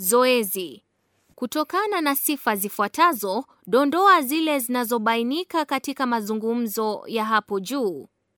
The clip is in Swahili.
Zoezi. Kutokana na sifa zifuatazo, dondoa zile zinazobainika katika mazungumzo ya hapo juu.